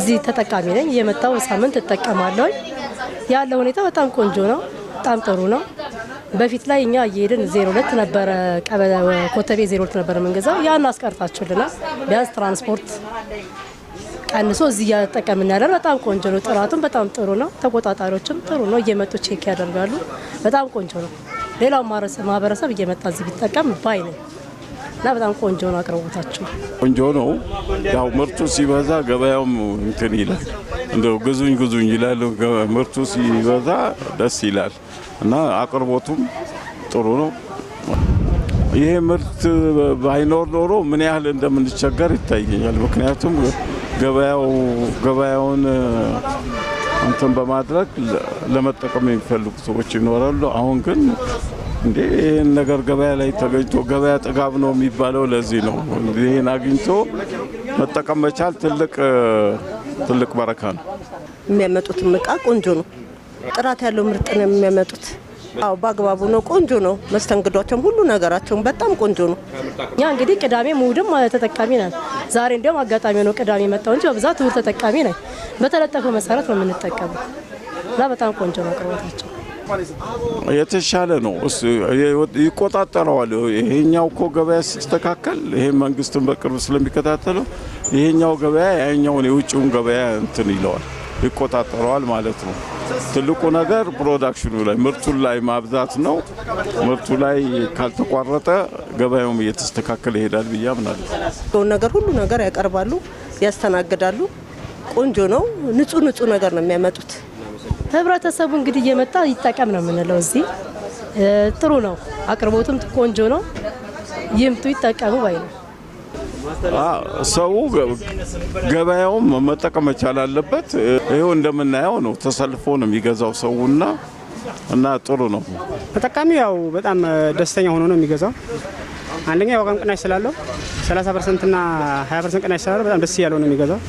እዚህ ተጠቃሚ ነኝ። እየመጣው ሳምንት እጠቀማለሁ። ያለው ሁኔታ በጣም ቆንጆ ነው። በጣም ጥሩ ነው። በፊት ላይ እኛ እየሄድን ዜሮ ሁለት ነበረ ኮተቤ ዜሮ ሁለት ነበረ ምንገዛው። ያን አስቀርታችሁልናል። ቢያንስ ትራንስፖርት ቀንሶ እዚህ እያጠቀምን ያለን በጣም ቆንጆ ነው። ጥራቱም በጣም ጥሩ ነው። ተቆጣጣሪዎችም ጥሩ ነው። እየመጡ ቼክ ያደርጋሉ። በጣም ቆንጆ ነው። ሌላው ማህበረሰብ እየመጣ እዚህ ቢጠቀም ባይ ነው። እና በጣም ቆንጆ ነው አቅርቦታቸው ቆንጆ ነው። ያው ምርቱ ሲበዛ ገበያውም እንትን ይላል፣ እንደው ግዙኝ ግዙኝ ይላል። ምርቱ ሲበዛ ደስ ይላል እና አቅርቦቱም ጥሩ ነው። ይሄ ምርት ባይኖር ኖሮ ምን ያህል እንደምንቸገር ይታየኛል። ምክንያቱም ገበያው ገበያውን እንትን በማድረግ ለመጠቀም የሚፈልጉ ሰዎች ይኖራሉ። አሁን ግን እንዴ ይህን ነገር ገበያ ላይ ተገኝቶ ገበያ ጥጋብ ነው የሚባለው ለዚህ ነው። ይህን አግኝቶ መጠቀም መቻል ትልቅ ትልቅ በረካ ነው። የሚያመጡትም እቃ ቆንጆ ነው። ጥራት ያለው ምርጥ ነው የሚያመጡት። አዎ በአግባቡ ነው። ቆንጆ ነው። መስተንግዷቸውም ሁሉ ነገራቸውም በጣም ቆንጆ ነው። እኛ እንግዲህ ቅዳሜ እሑድም ተጠቃሚ ነን። ዛሬ እንዲሁም አጋጣሚ ነው ቅዳሜ መጣው እንጂ በብዛት እሑድ ተጠቃሚ ነኝ። በተለጠፈው መሰረት ነው የምንጠቀመው እና በጣም ቆንጆ ነው አቅርቦታቸው። የተሻለ ነው። ይቆጣጠረዋል። ይሄኛው እኮ ገበያ ሲስተካከል ይሄ መንግስትን በቅርብ ስለሚከታተለው ይሄኛው ገበያ ያኛውን የውጭውን ገበያ እንትን ይለዋል፣ ይቆጣጠረዋል ማለት ነው። ትልቁ ነገር ፕሮዳክሽኑ ላይ ምርቱን ላይ ማብዛት ነው። ምርቱ ላይ ካልተቋረጠ ገበያውም እየተስተካከለ ይሄዳል ብዬ አምናለሁ። ነገር ሁሉ ነገር ያቀርባሉ፣ ያስተናግዳሉ። ቆንጆ ነው። ንጹህ ንጹህ ነገር ነው የሚያመጡት። ህብረተሰቡ እንግዲህ እየመጣ ይጠቀም ነው የምንለው። እዚህ ጥሩ ነው፣ አቅርቦቱም ቆንጆ ነው። ይምጡ ይጠቀሙ ባይ ነው። ሰው ገበያውም መጠቀም መቻል አለበት። ይኸው እንደምናየው ነው፣ ተሰልፎ ነው የሚገዛው ሰውና እና ጥሩ ነው። ተጠቃሚው ያው በጣም ደስተኛ ሆኖ ነው የሚገዛው። አንደኛ የዋጋም ቅናሽ ስላለው 30 ፐርሰንት እና 20 ፐርሰንት ቅናሽ ስላለው በጣም ደስ እያለው ነው የሚገዛው።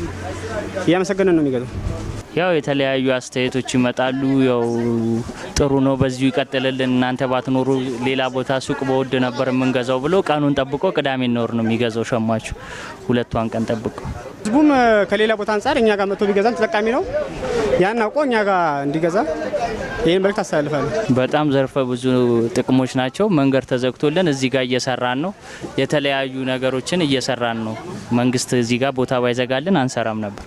እያመሰገነ ነው የሚገዛው። ያው የተለያዩ አስተያየቶች ይመጣሉ። ያው ጥሩ ነው፣ በዚሁ ይቀጥልልን፣ እናንተ ባትኖሩ ሌላ ቦታ ሱቅ በውድ ነበር የምንገዛው ብሎ ቀኑን ጠብቆ ቅዳሜ ኖር ነው የሚገዛው ሸማቹ ሁለቷን ቀን ጠብቆ ህዝቡም ከሌላ ቦታ አንጻር እኛ ጋር መጥቶ ቢገዛም ተጠቃሚ ነው። ያን አውቆ እኛ ጋር እንዲገዛ ይህን መልእክት አስተላልፋለሁ። በጣም ዘርፈ ብዙ ጥቅሞች ናቸው። መንገድ ተዘግቶልን እዚህ ጋር እየሰራን ነው። የተለያዩ ነገሮችን እየሰራን ነው። መንግስት እዚህ ጋር ቦታ ባይዘጋልን አንሰራም ነበር።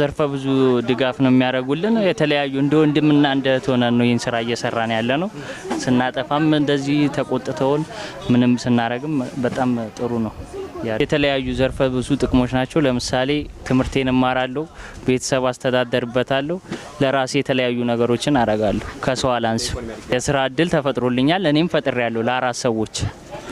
ዘርፈ ብዙ ድጋፍ ነው የሚያደርጉልን። የተለያዩ እንደ ወንድምና እንደ እህት ሆነን ነው ይህን ስራ እየሰራን ያለ ነው። ስናጠፋም እንደዚህ ተቆጥተውን ምንም ስናደርግም በጣም ጥሩ ነው። የተለያዩ ዘርፈ ብዙ ጥቅሞች ናቸው። ለምሳሌ ትምህርቴን እማራለሁ፣ ቤተሰብ አስተዳደርበታለሁ፣ ለራሴ የተለያዩ ነገሮችን አረጋለሁ። ከሰው አላንስ የስራ እድል ተፈጥሮልኛል፣ እኔም ያለሁ ለአራት ሰዎች